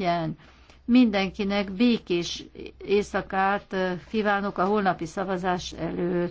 alapján. Mindenkinek békés éjszakát kívánok a holnapi szavazás előtt.